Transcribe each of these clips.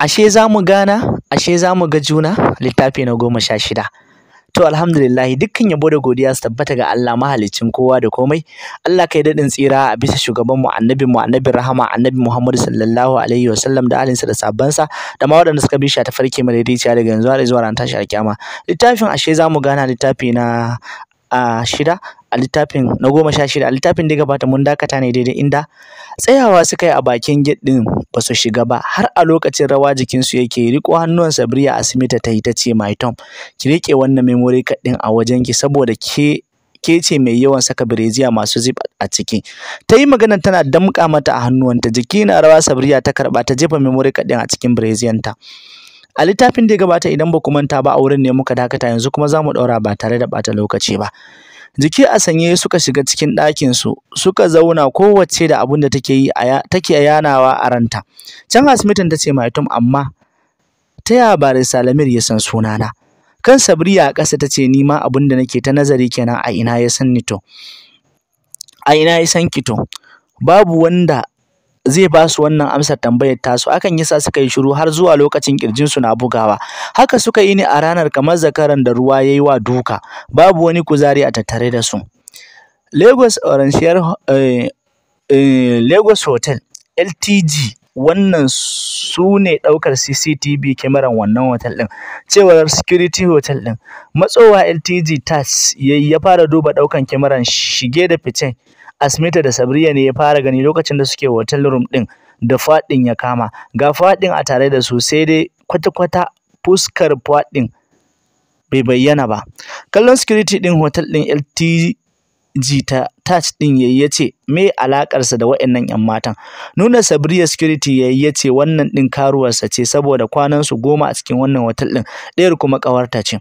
ashe za mu gana ashe za mu ga juna littafi na goma sha shida to alhamdulillahi dukkan yabo da godiya su tabbata ga Allah mahaliccin kowa da komai Allah kai daɗin tsira a bisa shugaban mu annabi mu annabi rahama annabi Muhammad sallallahu alaihi wa sallam da alinsa da sa da ma waɗanda suka bishiya ta farke daidaiciya daga yanzu har zuwa ran tashi alkiyama littafin ashe za mu gana littafi na a shida a littafin na goma sha shida a littafin da gabata mun dakata ne daidai inda tsayawa suka yi a bakin gate ba su shiga ba har a lokacin rawa jikinsu yake riko hannuwan sabriya asimita ta yi ta ce my tom ki rike wannan memory card din a wajen ki saboda ke ke ce mai yawan saka bireziya masu zip a ciki ta yi magana tana damƙa mata a hannuwanta jiki na rawa sabriya ta karɓa ta jefa memory card din a cikin bireziyanta a littafin da ya gabata idan ba ku manta ba a wurin ne muka dakata yanzu kuma za mu ɗaura ba tare da bata lokaci ba jiki a sanye suka shiga cikin ɗakin su suka zauna kowace da abin da take yi take yanawa a ranta can asmitin ta ce maitum amma ta ya bare salamir ya san sunana kan sabriya a ƙasa ta ce ni ma abin da nake ta nazari kenan a ina ya san ni to a ina ya san ki to babu wanda zai ba su wannan amsar tambayar tasu akan yasa suka yi shiru har zuwa lokacin kirjin su na bugawa haka suka yi ne a ranar kamar zakaran da ruwa yayi wa duka babu wani kuzari a tattare da su Lagos Oranciyar eh, eh, Lagos Hotel LTG wannan su ne ɗaukar CCTV kyamaran wannan hotel ɗin cewar security hotel ɗin matsowa LTG TAS ya fara duba ɗaukan kyamaran shige da fice Asmita da Sabriya ne ya fara gani lokacin da suke hotel room ɗin da faɗin ya kama. Ga faɗin a tare da su sai dai kwata-kwata fuskar faɗin bai bayyana ba. Kallon security ɗin hotel ɗin LTG ta touch ɗin yayi ya ce me alakarsa da wa'annan 'yan matan. Nuna Sabriya security yayi ya ce wannan ɗin karuwarsa ce saboda kwanansu goma a cikin wannan hotel ɗin ɗayar kuma ƙawarta ce.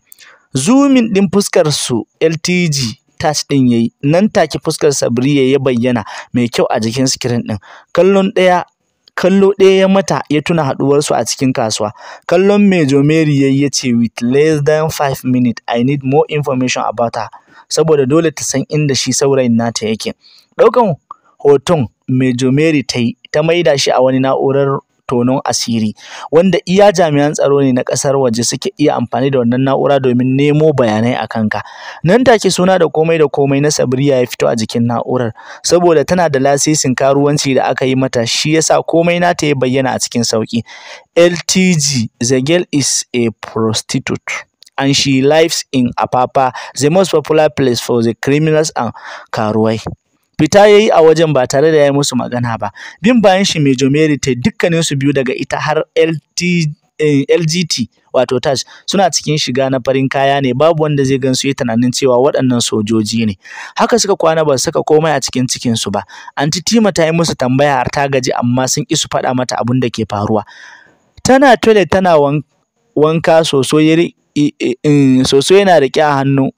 Zumin ɗin fuskar su LTG touch ɗin yayi nan take fuskar sabriya ya bayyana mai kyau a jikin sikirin ɗin kallon ɗaya kallo ɗaya ya mata ya tuna haɗuwarsu a cikin kasuwa kallon mai jomeri ya ya ce with less than five minutes i need more information about her saboda dole ta san inda shi saurayin nata yake ɗaukan hoton mai jomeri ta ta maida shi a wani na'urar tonon asiri wanda iya jami'an tsaro ne na ƙasar waje suke iya amfani da wannan na'ura domin nemo bayanai a kanka nan take suna da komai da komai na sabriya ya fito a jikin na'urar saboda tana da lasisin karuwanci da aka yi mata shi yasa komai nata ya bayyana a cikin sauki LTG the girl is a prostitute and she lives in Apapa the most popular place for the criminals and karuwai fita yayi a wajen ba tare da yayi musu magana ba bin bayan shi mai Jomeri ta dukkanin su biyu daga ita har LT eh, LGT wato Taj suna cikin shiga na farin kaya ne babu wanda zai gan su yi tunanin cewa waɗannan sojoji ne haka suka kwana ba saka komai a cikin cikin su ba anti Tima ta yi musu tambaya har ta gaji amma sun ki su faɗa mata abun da ke faruwa tana toilet tana wanka soso soso yana riƙe a hannu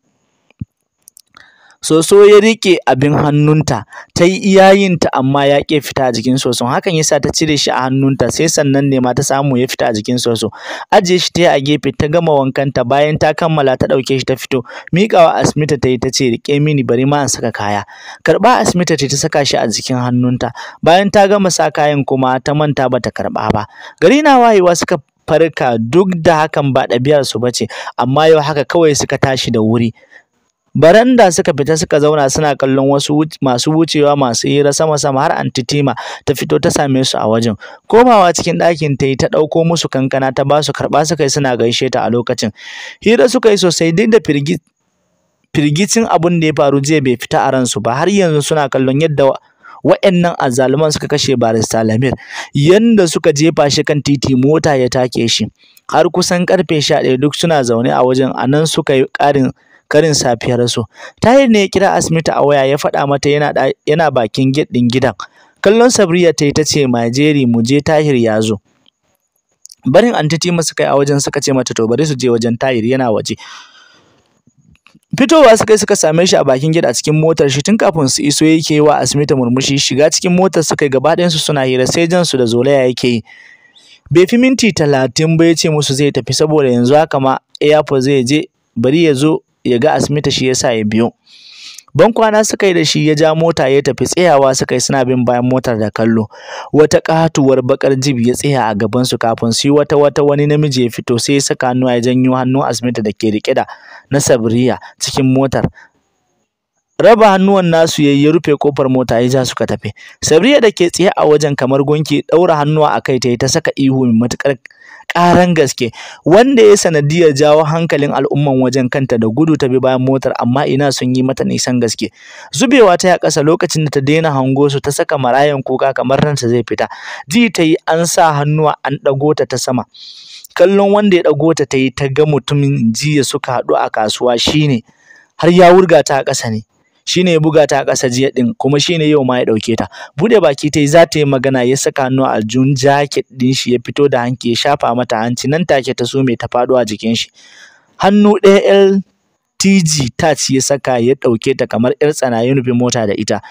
Soso ya riƙe abin hannunta, ta yi iyayinta amma ya ƙe fita a jikin soso. hakan yasa ta cire shi a hannunta sai sannan ne ma ta samu ya fita a jikin soso. Ajiye shi ta yi a gefe ta gama wankanta bayan ta kammala ta ɗauke shi ta fito, miƙawa Asmita ta yi ta ce riƙe mini bari ma in saka kaya. Karɓa Asmita ta ta saka shi a jikin hannunta, bayan ta gama sa kayan kuma ta manta bata karɓa ba. Gari na wayewa suka farka duk da hakan ba ɗabi'arsu ba ce amma yau haka kawai suka tashi da wuri baranda suka fita suka zauna suna kallon wasu masu wucewa masu hira sama-sama har antitima ta fito ta same su a wajen. Komawa cikin ɗakin ta yi ta ɗauko musu kankana ta ba su karɓa suka yi suna gaishe ta a lokacin. Hira suka yi sosai duk da firgicin abin da ya faru jiya bai fita a ransu ba har yanzu suna kallon yadda wa'annan azzaluman suka kashe barista Lamir yanda suka jefa shi kan titi mota ya take shi har kusan karfe 11 duk suna zaune a wajen anan suka yi ƙarin karin safiyar su, Tahir ne ya kira Asmita a waya ya faɗa mata yana, yana bakin gate din gidan. Kallon Sabriya ta yi ta ce Majeri mu je Tahir ya zo. Barin antitima suka kai a wajen suka ce mata to bari su je wajen Tahir yana waje. fitowa suka suka same shi a bakin gida a cikin motar shi tun kafin su iso yake wa asmita murmushi shiga cikin motar suka gaba su suna hira sai jan su da zolaya yake yi bai fi minti talatin ba ya ce musu zai tafi saboda yanzu haka ma airport zai je bari ya zo ya ga asmita shi yasa ya biyo ban kwana suka yi da shi ya ja mota ya tafi tsayawa suka yi suna bin bayan motar da kallo wata katuwar bakar jib ya tsaya a gaban su kafin su wata wata wani namiji ya fito sai ya saka hannu ya janyo hannun asmita da ke rike da na sabriya cikin motar raba hannuwan nasu ya ya rufe kofar mota ya ja suka tafi sabriya da ke tsaye a wajen kamar gunki daura hannuwa akai ta ta saka ihu mai matukar ƙaran gaske wanda ya sanadiyar jawo hankalin al'umman wajen kanta da gudu ta bi bayan motar amma ina sun yi mata nisan gaske zubewa ta ya ƙasa lokacin da ta daina hango su ta saka marayan kuka kamar ranta zai fita ji ta yi an sa hannuwa an ɗago ta ta sama kallon wanda ya ɗago ta ta yi ta ga mutumin jiya suka haɗu a kasuwa shine har ya wurga ta a ƙasa ne shine ya buga ta a ƙasa jiya din kuma shine yau ma ya ɗauke ta bude baki tai za ta yi magana ya saka hannu a jun jacket din shi ya fito da hanki ya shafa mata hanci nan take ta so mai ta faɗo a jikin shi hannu ɗaya LTG touch ya saka ya ɗauke ta kamar yar tsana ya nufi mota da ita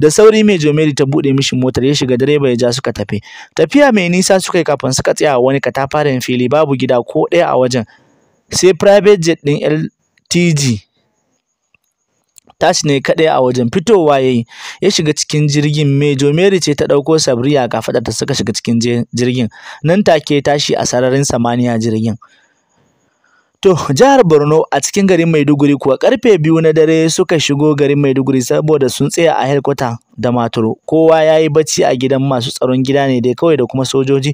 da sauri mai jomeli ta buɗe mishi motar ya shiga direba ya ja suka tafi tafiya mai nisa suka yi kafin suka tsaya wani katafaren fili babu gida ko ɗaya a wajen sai private jet ɗin LTG tashi ne kaɗai a wajen fitowa yayi ya shiga cikin jirgin mejo mary ce ta ɗauko sabriya ga kafaɗar ta suka shiga cikin jirgin nan take tashi a sararin samaniya jirgin To, jihar Borno a cikin garin Maiduguri kuwa karfe biyu na dare suka shigo garin Maiduguri saboda sun tsaya a helkwata da maturo, Kowa ya yi bacci a gidan masu tsaron gida ne dai kawai da kuma sojoji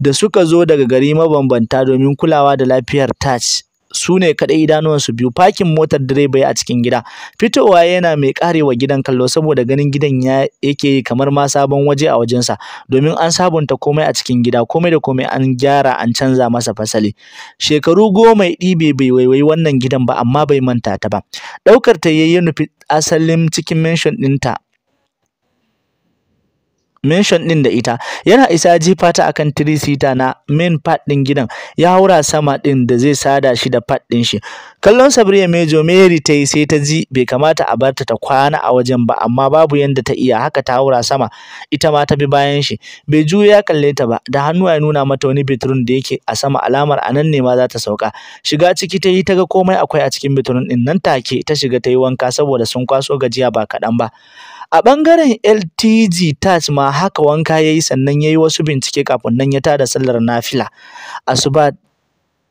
da suka zo daga gari mabambanta domin kulawa da lafiyar Tach. su ne kaɗai idanuwansu biyu fakin motar direba a cikin gida fitowa yana mai karewa gidan kallo saboda ganin gidan ya yake kamar ma sabon waje a wajensa domin an sabunta komai a cikin gida komai da komai an gyara an canza masa fasali shekaru goma ɗibe bai waiwai wannan gidan ba amma bai manta ta ba ɗaukar ta yayi nufi asalin cikin mention ɗinta mention din da ita yana isa jifa ta akan 3 seater na main part din gidan ya haura sama din da zai sada shi da part din shi kallon Sabriya Mejo Mary ta yi sai ta ji bai kamata a barta ta kwana a wajen ba amma babu yanda ta iya haka ta haura sama ita ma ta bi bayan shi bai juya ya kalle ta ba da hannu ya nuna mata wani bedroom da yake a sama alamar anan ne ma za ta sauka shiga ciki ta yi ta ga komai akwai a cikin bedroom din nan take ta shiga ta yi wanka saboda sun kwaso gajiya ba kaɗan ba a ɓangaren ltg taj ma haka wanka ya yi sannan ya yi wasu bincike kafin nan ya tada sallar nafila asuba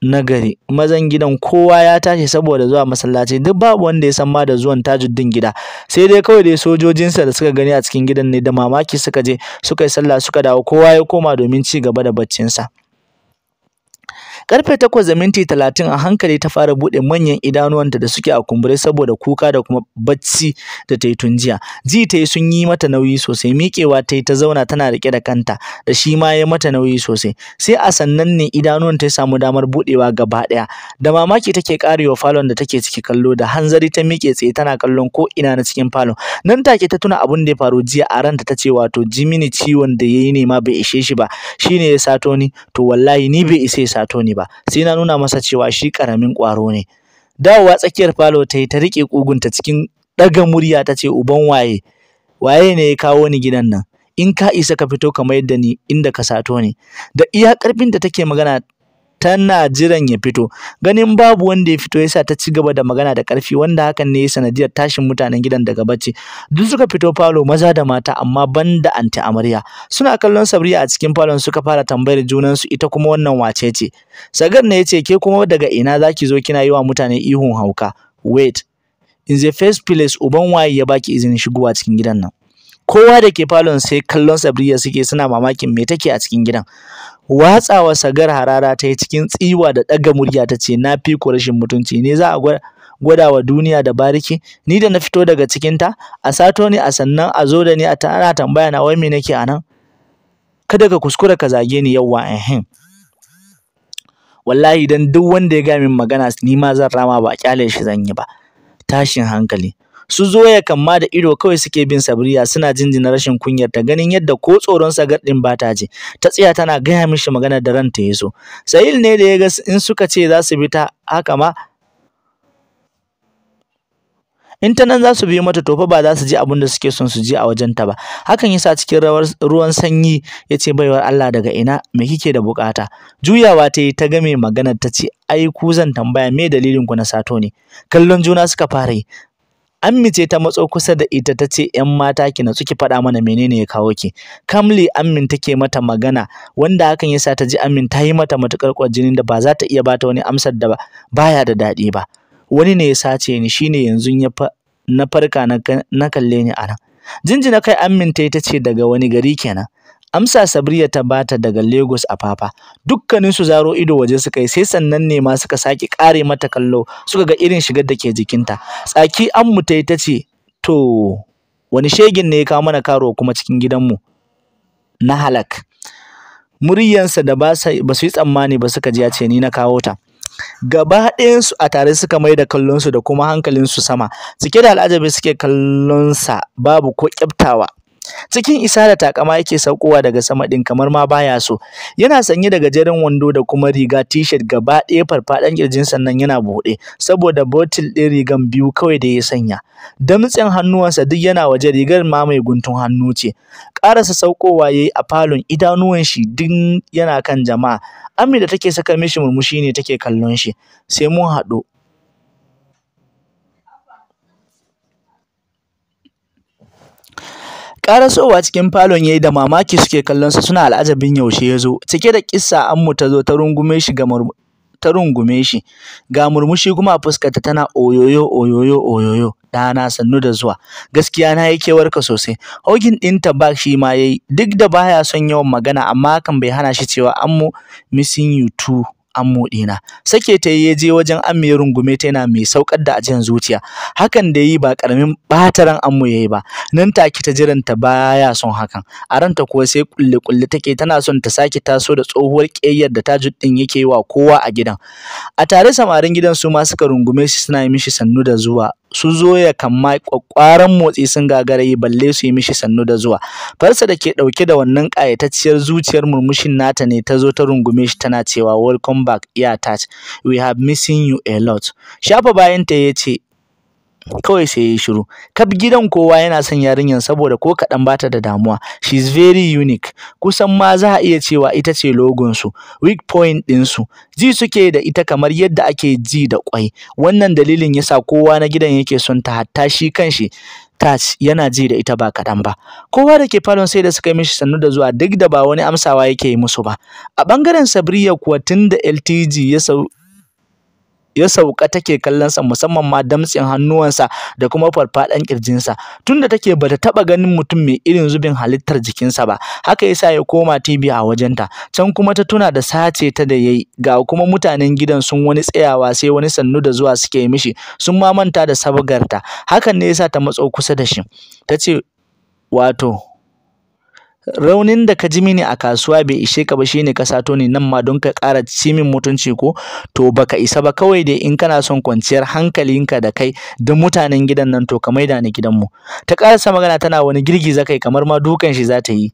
na gari mazan gidan kowa ya tashi saboda zuwa masallaci duk babu wanda ya san ma da zuwan tajuddin gida sai dai kawai dai sojojinsa da suka gani a cikin gidan ne da mamaki suka je suka yi sallah suka dawo kowa ya koma domin ci gaba da baccinsa Karfe takwas da minti talatin a hankali ta fara buɗe manyan idanuwanta da suke a kumbure saboda kuka da kuma bacci da ta yi tun jiya. Ji ta yi sun yi mata nauyi sosai, miƙewa ta yi ta zauna tana riƙe da kanta, da shi ma ya mata nauyi sosai. Sai a sannan ne idanuwanta ya samu damar buɗewa gaba ɗaya. Da mamaki take ƙarewa falon da take ciki kallo, da hanzari ta miƙe tsaye tana kallon ko ina na cikin falon. Nan take ta tuna abin da ya faru jiya a ranta ta ce wato jimini ciwon da ya yi ne ma bai ishe shi ba, shi ne ya sato ni, to wallahi ni bai isa sato ni ba. ba sai na nuna masa cewa shi karamin ƙwaro ne dawowa tsakiyar falo ta yi ta riƙe ƙugunta cikin ɗaga murya ta ce uban waye waye ne ya kawo ni gidan nan in ka isa ka fito ka mayar da ni inda ka sato ni da iya ƙarfin da take magana tana jiran ya fito ganin babu wanda ya fito yasa ta ci gaba da magana da karfi wanda hakan ne ya sanadiyar tashin mutanen gidan daga bacci duk suka fito falo maza da mata amma banda anti amarya suna kallon sabriya a cikin falon suka fara tambayar junan su ita kuma wannan wace ce sagar ne yace ke kuma daga ina zaki zo kina yi wa mutane ihun hauka wait in the first place uban waye ya baki izinin shigowa cikin gidan nan kowa da ke falon sai kallon sabriya suke suna mamakin me take a cikin gidan watsawa sagar harara ta yi cikin tsiwa da ɗaga murya ta ce na fi ku rashin mutunci ne za a gwada wa duniya da bariki ni da na fito daga cikinta a sato ni a sannan a zo da ni a tana tambaya na wai me nake anan kada ka kuskura ka zage ni yauwa ehem wallahi dan duk wanda ya ga min magana ni ma zan rama ba kyale shi zan yi ba tashin hankali su zoya kamma da ido kawai suke bin sabriya suna jinjina rashin kunyar ta ganin yadda ko tsoron sa gardin ba ta ji ta tsaya tana gaya mishi magana da ranta ya so sahil ne da ya ga in suka ce za su bi ta haka ma in ta nan za su biyo mata to fa ba za su ji abin da suke son su ji a wajen ta ba hakan yasa cikin rawar ruwan sanyi ya ce baiwar Allah daga ina me kike da bukata juyawa ta yi ta game maganar ta ce ai ku zan tambaya me dalilin ku na sato ne kallon juna suka fara yi Ammi ce ta matso kusa da ita ta ce ‘yan mata ki natsu ki faɗa mana menene ya kawo ki. Kamli Ammin take mata magana wanda hakan yasa ta ji Ammin ta yi mata matuƙar kwarjinin da ba za ta iya bata wani amsar da baya da daɗi ba. Wani ne ya sace ni shine yanzu na farka na kalle ni a nan. Jinjina kai Ammin ta yi ta ce daga wani gari kenan. amsa sabriya ta bata daga lagos a fafa dukkaninsu zaro ido waje suka yi sai sannan ne ma suka sake kare mata kallo suka ga irin shigar da ke jikinta tsaki an mutai ta ce to wani shegin ne ya kawo mana karo kuma cikin gidanmu na halak muryansa da ba su yi tsammani ba suka ji ya ce ni na kawo ta gaba ɗayansu a tare suka mai da kallonsu da kuma hankalinsu sama cike da al'ajabi suke kallon sa babu ko kyaftawa cikin isa da takama yake saukowa daga sama din kamar ma baya so yana sanye da gajeren wando da kuma riga t-shirt gaba ɗaya farfaɗan kirjin sannan yana buɗe saboda botil ɗin rigan biyu kawai da ya sanya damtsen hannuwansa duk yana waje rigar ma mai guntun hannu ce ƙarasa saukowa yayi a falon idanuwan shi duk yana kan jama'a Ami da take saka mishi murmushi ne take kallon shi sai mun haɗu karasowa cikin falon yayi da mamaki suke kallon sa suna al'ajabin yaushe ya zo, cike da an mu ta zo ta rungume shi ga ta rungume shi ga murmushi kuma fuskarta tana oyoyo oyoyo oyoyo ɗana sannu da zuwa gaskiya na yi kewarka sosai hogin ɗinta ba shi ma yayi duk da baya son yawan magana amma hakan bai hana shi cewa an mu missing you too ammo ɗina sake ta ya je wajen amme ya rungume ta yana mai saukar da ajiyan zuciya hakan da yi ba karamin bataran ammo yayi ba nan take ta jiranta baya son hakan a ranta kuwa sai kulle kulle take tana son ta sake taso da tsohuwar ƙeyyar da ta ɗin yake wa kowa a gidan a tare samarin gidan su ma suka rungume shi suna yi mishi sannu da zuwa su zo ya kamma ƙwaƙƙwaran motsi sun gagarayi balle su yi mishi sannu da zuwa farsa da ke ɗauke da wannan ƙayatacciyar zuciyar murmushin nata ne ta zo ta rungume shi tana cewa welcome back iya tat we have missing you a lot shafa bayan ta yace kawai sai yayi shiru kaf gidan kowa yana son yarinyar saboda ko kaɗan bata da damuwa she is very unique kusan ma za a iya cewa ita ce logon su weak point din su ji suke da ita kamar yadda ake ji da kwai wannan dalilin yasa kowa na gidan yake son ta hatta shi kanshi Tash yana ji da ita ba kaɗan ba. Kowa da ke falon sai da suka yi mishi sannu da zuwa duk da ba wani amsawa yake yi musu ba. A ɓangaren Sabriya kuwa tun da LTG ya sau ya sauka take kallonsa musamman ma damtsin hannuwansa da kuma farfadan kirjinsa tunda take bata taba ganin mutum mai irin zubin halittar jikinsa ba haka yasa ya koma TV a wajenta can kuma ta tuna da sace ta da yayi ga kuma mutanen gidan sun wani tsayawa sai wani sannu da zuwa suke mishi sun ma manta da sabgarta hakan ne yasa ta matso kusa da shi tace wato raunin da ka ji mini a kasuwa bai ishe ka ba shine ka sato ni nan ma don ka ƙara cimin mutunci ko to baka isa ba kawai dai in kana son kwanciyar hankalinka da kai da mutanen gidan nan to ka maida ni gidanmu ta ƙarasa magana tana wani girgiza kai kamar ma dukan shi za ta yi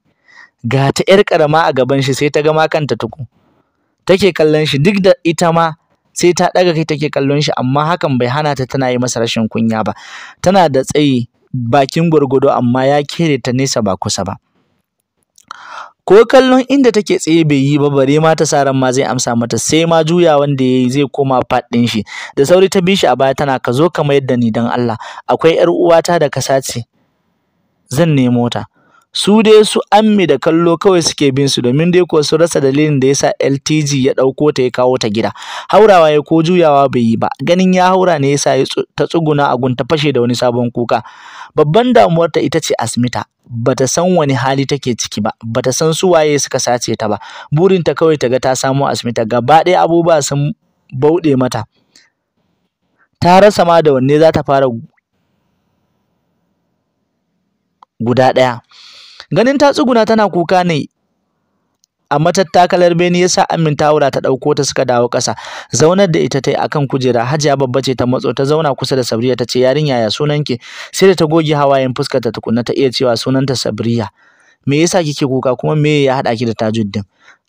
ga ta ƴar ƙarama a gaban shi sai ta ga ma kanta tuku take kallon shi duk da ita ma sai ta ɗaga kai take kallon shi amma hakan bai hana ta tana yi masa rashin kunya ba tana da tsayi bakin gwargwado amma ya kere ta nesa ba kusa ba ko kallon inda take tsaye bai yi ba bare ma ta sa ran ma zai amsa mata sai ma juya wanda yayi zai koma fat din shi da sauri ta bi shi a baya tana ka zo ka mayar da ni dan Allah akwai yar uwata da kasace zan nemo ta su dai su ammi da kallo kawai suke bin su domin dai ko su rasa dalilin da yasa LTG ya dauko ta ya kawo ta gida haurawa ya ko juyawa bai yi ba ganin ya haura ne yasa ya ta tsuguna a gunta fashe da wani sabon kuka babban damuwar ta ita ce Asmita bata san wani hali take ciki ba bata san su waye suka sace ta ba burin ta kawai ta ga ta samu Asmita gaba ɗaya abubuwa sun bauɗe mata ta rasa ma da wanne za ta fara guda ɗaya ganin ta tsuguna tana kuka ne a matattakalar beni yasa Amin Tawura ta dauko ta suka dawo kasa zaunar da ita tai akan kujera Hajiya babba ce ta matso ta zauna kusa da Sabriya ta ce yarinya ya sunanki sai da ta goge hawayen fuskar ta tukunna ta iya cewa sunanta Sabriya me yasa kike kuka kuma me ya hada ki da Tajuddin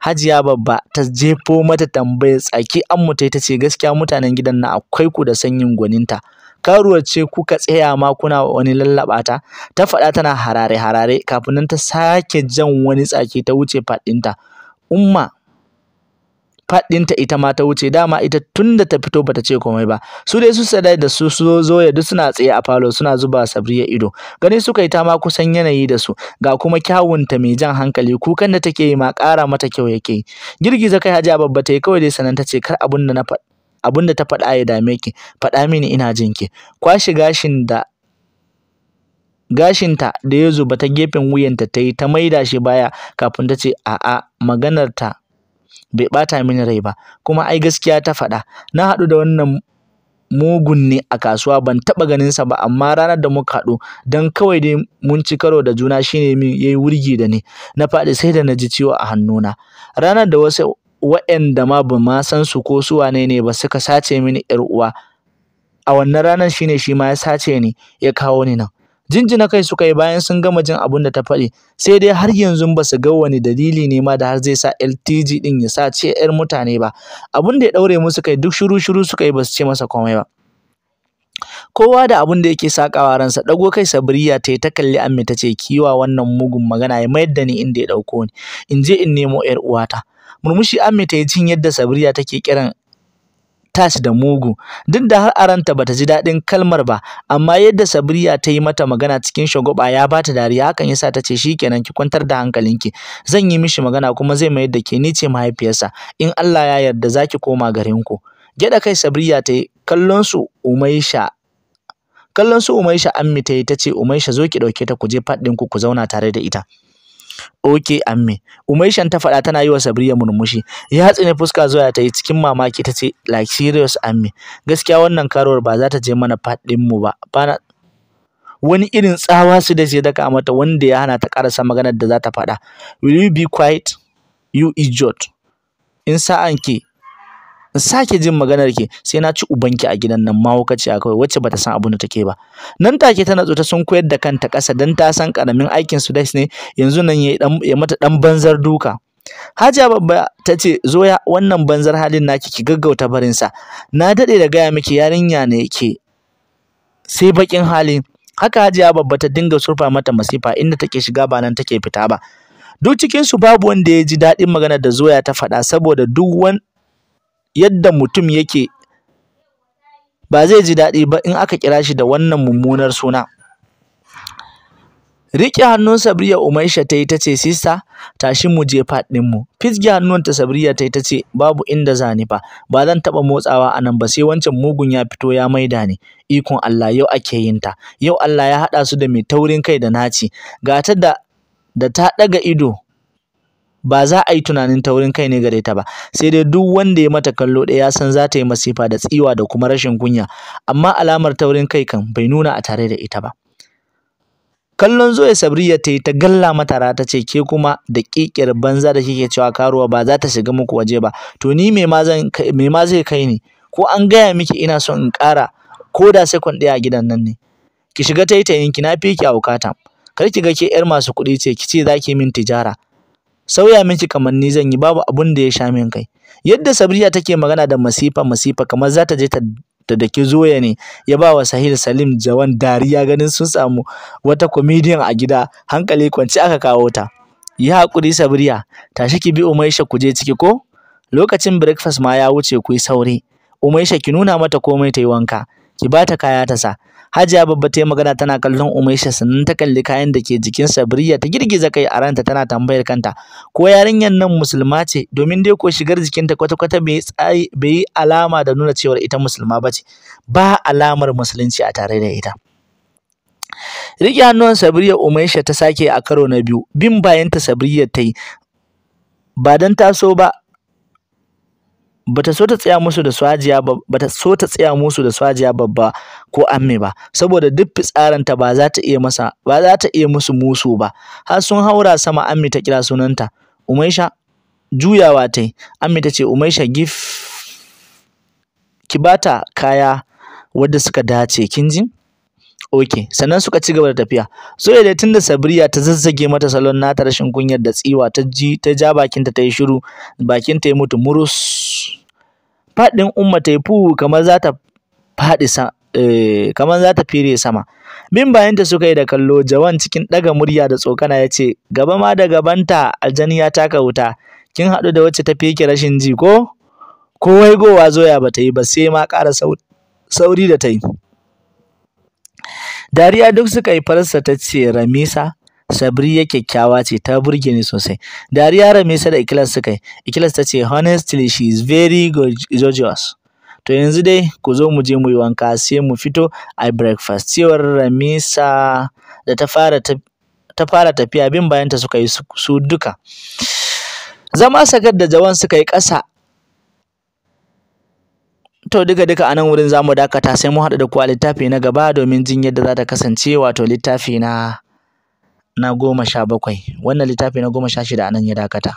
Hajiya babba ta jefo mata tambayar tsaki an mutai ta ce gaskiya mutanen gidan nan akwai ku da sanyin gwaninta karuwar ce kuka tsaya ma kuna wani lallaɓa ta faɗa tana harare harare kafin nan ta sake jan wani tsaki ta wuce faɗinta umma faɗinta ita ma ta wuce dama ita tunda ta fito bata ce komai ba su dai su sadai da su su ya duk suna tsaye a falo suna zuba sabriya ido gani suka yi ta ma kusan yanayi da su ga kuma kyawunta mai jan hankali kukan da take yi ma ƙara mata kyau yake girgiza kai hajiya babba ta yi kawai dai sanan ta ce kar abun da na faɗi abin da ta faɗa ya dame ki faɗa mini ina jin ki kwashi gashin da gashinta da ya zuba ta gefen wuyanta ta yi ta maida shi baya kafin ta ce a'a maganarta bai ɓata mini rai ba kuma ai gaskiya ta faɗa na haɗu da wannan mugun ne a kasuwa ban taɓa ganinsa ba amma ranar da muka haɗu dan kawai dai mun ci karo da juna shine min yayi wurgi da ni na faɗi sai da na ji ciwo a hannuna ranar da wasu waɗanda ma ba ma san su ko su wane ne ba suka sace mini ƴar uwa a wannan ranar shine shi ma ya sace ni ya kawo ni nan jinjina kai suka yi bayan sun gama jin abin da ta faɗi sai dai har yanzu ba su ga wani dalili ne ma da har zai sa LTG din ya sace ƴar mutane ba abin da ya daure musu kai duk shiru shiru suka yi ba su ce masa komai ba kowa da abin da yake sakawa ransa dago kai sabriya ta ta kalli amme ta ce kiwa wannan mugun magana ya mayar da ni inda ya dauko ni in je in nemo yar uwata murmushi amme ta yi jin yadda sabriya take kiran tas da mugu duk da har aranta bata ji daɗin kalmar ba amma yadda sabriya ta yi mata magana cikin shagoba ya bata dariya hakan yasa ta ce shi kenan ki kwantar da hankalinki zan yi mishi magana kuma zai mayar da ke ni ce mahaifiyarsa in Allah ya yarda zaki koma garin ku". gyada kai sabriya ta yi kallon su umaisha kallon su umaisha ammi ta yi ta ce umaisha zo ki ɗauke ta ku je faɗin ku ku zauna tare da ita okay amme umaishan ta faɗa tana yi wa sabriya murmushi ya tsine fuska zuwa ta yi cikin mamaki ta ce like serious amme gaskiya wannan karuwar ba za ta je mana faɗin mu ba bana wani irin tsawa su da ce daka mata wanda ya hana ta karasa maganar da za ta faɗa will you be quiet you idiot in sa'anki in sake jin maganar ki sai na ci ubanki a gidan nan ma ce a kawai wacce bata san abin da take ba nan take ta natsu ta sun koyar da kanta kasa dan ta san karamin aikin su ne yanzu nan ya mata dan banzar duka Hajiya babba ta ce zoya wannan banzar halin naki ki gaggauta sa na dade da gaya miki yarinya ne ke sai bakin hali haka Hajiya babba ta dinga surfa mata masifa inda take shiga ba nan take fita ba duk cikin su babu wanda ya ji daɗin magana da zoya ta faɗa saboda duk yadda mutum yake ba zai ji daɗi ba in aka kira shi da wannan mummunar suna riƙe hannun Sabriya Umaisha ta yi ta ce sista tashi mu je fat mu fisge hannunta Sabriya ta yi ta ce babu inda zani ba, ba zan taɓa motsawa a nan ba sai wancan mugun ya fito ya maida ni ikon Allah yau ake yin ta yau Allah ya haɗa su da mai taurin kai da naci ga ta da ta ɗaga ido ba za a yi tunanin taurin kai ne gare ta ba sai dai duk wanda ya mata kallo ɗaya ya san za ta yi masifa da tsiwa da kuma rashin kunya amma alamar taurin kai kan bai nuna a tare da ita ba kallon zoya sabriya ta yi ta galla mata ra ce ke kuma da kikiyar banza da kike cewa karuwa ba za ta shiga muku waje ba to ni me ma zai kai ni ko an gaya miki ina so in ƙara ko da sekon ɗaya a gidan nan ne ki shiga taitayinki na fi ki a aukata kar ki ga ke yar masu kuɗi ce ki ce za ki min tijara sauya miki ni, zan yi babu abun da ya sha min kai yadda sabriya take magana da masifa masifa kamar za ta je ta da dake zoya ne ya ba wa sahil salim jawan dariya ganin sun samu wata comedian a gida hankali kwanci aka kawo ta yi haƙuri sabriya tashi ki bi umaisha ku je ciki ko lokacin breakfast ma ya wuce ku yi sauri umaisha ki nuna mata komai ta yi wanka ki bata kaya ta sa Hajiya babba ta yi magana tana kallon Umaisha sannan ta kalli kayan da ke jikin Sabriya ta girgiza kai a ranta tana tambayar kanta ko yarinyar nan musulma ce domin dai ko shigar jikinta kwata-kwata bai tsayi bai alama da nuna cewar ita musulma ba ba alamar musulunci a tare da ita Riƙe hannuwan Sabriya Umaisha ta sake a karo na biyu bin bayanta Sabriya ta yi ba don taso ba bata so ta tsaya musu da swajiya ba bata so ta tsaya musu da swajiya babba ko amme ba saboda duk ta ba za ta iya masa ba za ta iya musu musu ba har sun haura sama amme ta kira sunanta umaisha juyawa ta amme ta ce umaisha gif ki bata kaya wadda suka dace kin ji Ok, sannan suka ci gaba da tafiya. So da tunda da Sabriya ta zazzage mata salon nata rashin kunyar da tsiwa ta ji ta ja bakinta ta yi shiru, bakinta ya mutu murus. faɗin umma ta yi fuhu kamar za ta faɗi eh, kamar za ta fere sama bin bayanta suka yi da kallo jawan cikin ɗaga murya da tsokana ya ce gaba ma da gabanta aljani ya taka wuta kin haɗu da wacce ta feke rashin ji ko ko gowa, zoya ba ta yi ba sai ma ƙara sauri da ta yi dariya duk suka yi farsa ta ce ramisa sabriya kyakkyawa ce ta burge ni sosai dariya ramisa da ikilas suka yi ikilas ta ce honestly she is very gorgeous to yanzu dai ku zo mu je mu yi wanka sai mu fito a breakfast cewar ramisa da ta fara ta fara tafiya bin bayanta suka yi su duka zama sagar da jawan suka yi ƙasa to duka duka a nan wurin zamu dakata sai mu haɗu da ku littafi na gaba domin jin yadda za ta kasance wato littafi na na goma sha bakwai wannan littafi na goma sha shida anan ya dakata